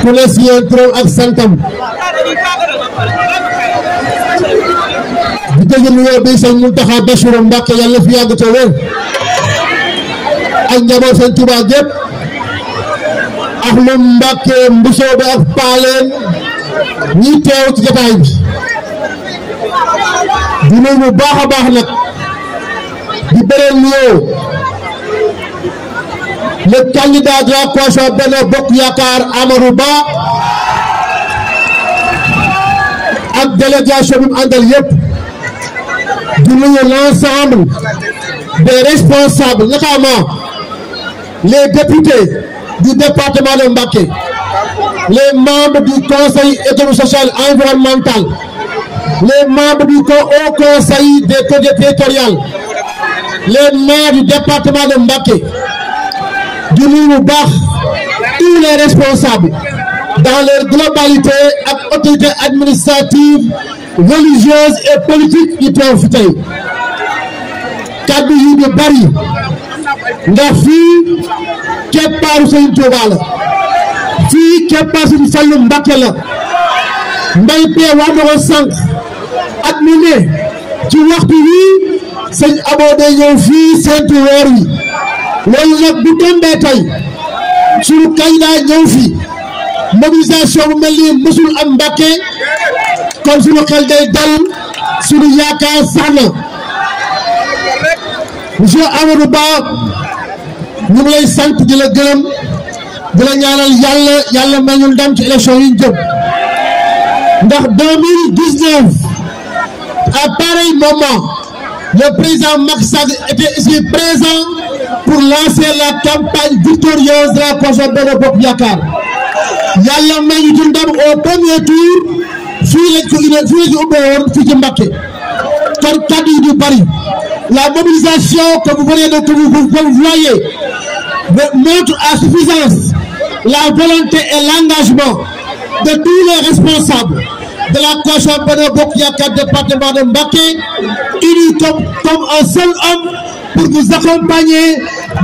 ku ne si yéen ak santam di dégg lu wér bi sëñ Muntaxa Basiru Mbàkke yàlla fi yàgg te wér ak njaboot ak lu Mbàkke mbusoo bi ak paaleen ñi teew ci jotaay bi di nuyu bu baax di bëreel nuyoo le candidat de la coalition Benno Bokk Yaakaar Amadou Ba ak délégation bi mu àndal yëpp du nuyu l'ensemble des responsables notamment les députés du département de Mbacké les membres du conseil économique social environnemental les membres du conseil des collectivités les maires du département de Mbacké di nuyu bu baax tous les responsables dans leur globalité ak autorité administrative religieuse et politique yi teew fi tey kaddu yi di bari ndax fii keppaaru Sëriñ Tuuba la fii keppaaru Sëriñ Fallu Mbàkke la mbay pee wax na ko ci waxtu wii sëñ Abo day ñëw fii seentu weer wi loolu nag bu tombee tey suñu candidat ñëw fi mobilisation bu mësul am Mbàkke kon suñu xel day dal suñu yaakaar sax na monsieur Amadou Ba ñu lay sant di la gërëm di la ñaanal yàlla yàlla may ndam ci élection yi ñu jëm ndax 2019 à pareil moment le président Macky Sall était présent pour lancer la campagne victorieuse de la coalition Benno Bokk Yaakaar yàlla may ñu ci ndam au premier tour fii lañ ko inné fii lañ ko ubbeewoon du bari la mobilisation que vous venez de que vous, que vous voyez à suffisance la volonté et l'engagement de tous les responsables de la coalition Benno Bokk Yaakaar département de Mbacké unis comme comme un seul homme pour vous accompagner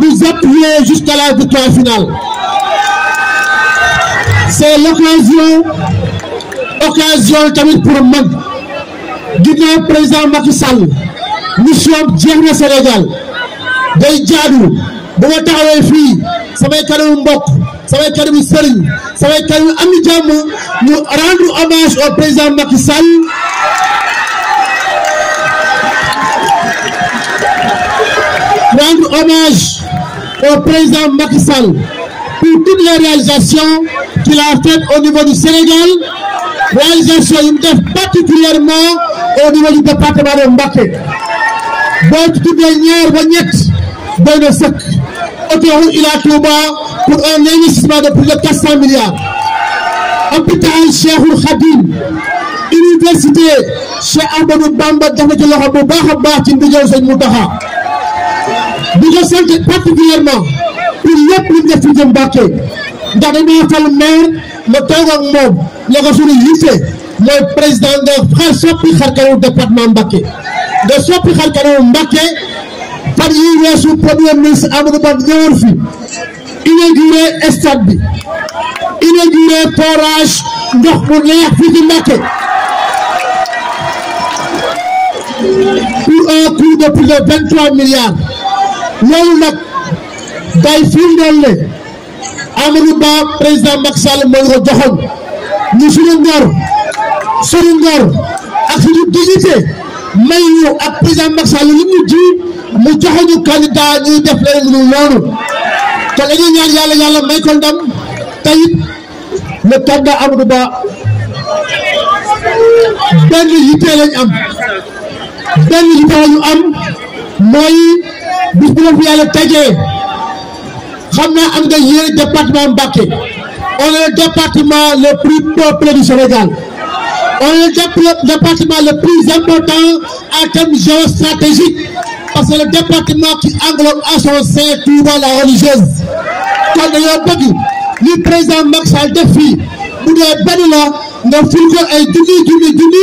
vous appuyer jusqu'à la victoire finale. C'est l'occasion, occasion tamit pour man ginnaaw président Macky Sall mission jeex na Sénégal day jaadu bu ma taxawee fii samay kanamu mbokk samay kanamu sëriñ samay kanamu ami jàmm ñu rendre hommage au président Macky au président Macky Sall pour toutes les réalisations qu'il a faites au niveau du Sénégal réalisation yi particulièrement au niveau du département de Mbacké boo ci tuddee ñaar ba ñett doy na Touba pour un investissement de plus milliards hôpital Cheikhoul Khadim université Cheikh Ahmadou Bamba def na ci loxo bu baax a baax ci ndigal Sëñ Mountakha di ko sant particulièrement pour lépp lu def fi jëm Mbàkke ndax dañoo fal maire ma toog ak moom ne ko président nga xar soppi xar kanamu département Mbàkke nga soppi xar kanamu Mbàkke fan yii ministre Amadou Ba ñëwoon fi inauguré stade ndox mu neex fii ci pour un coût de plus de milliards loolu nag day firndeel ne Amadou Ba président Macky Sall moo ñu ko joxoon ñu suñu ngor suñu ak suñu dignité may ñu ak président Macky Sall li ñu ji mu joxe ñu candidat ñuy def leneen lu loolu te dañuy ñaan yàlla yàlla may ko tayit le candidat Amadou Ba benn yitte lañ am benn yitte lañu am mooy. bis bi leen fi yàlla tegee xam naa am nga yéen département Mbacké on est le département le plus peuplé du Sénégal on est le département le plus important en termes géostratégiques parce que le département qui englobe à son sein la religieuse kon dañoo bëgg li président Macky Sall def fii bu dee benn la nga ful ko ay junni junni junni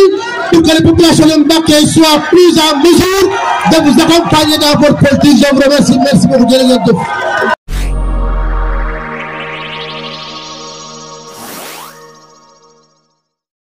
pour que les populations de Mbacké soient plus en mesure de vous accompagner dans votre politique je vous remercie merci beaucoup jërëjëf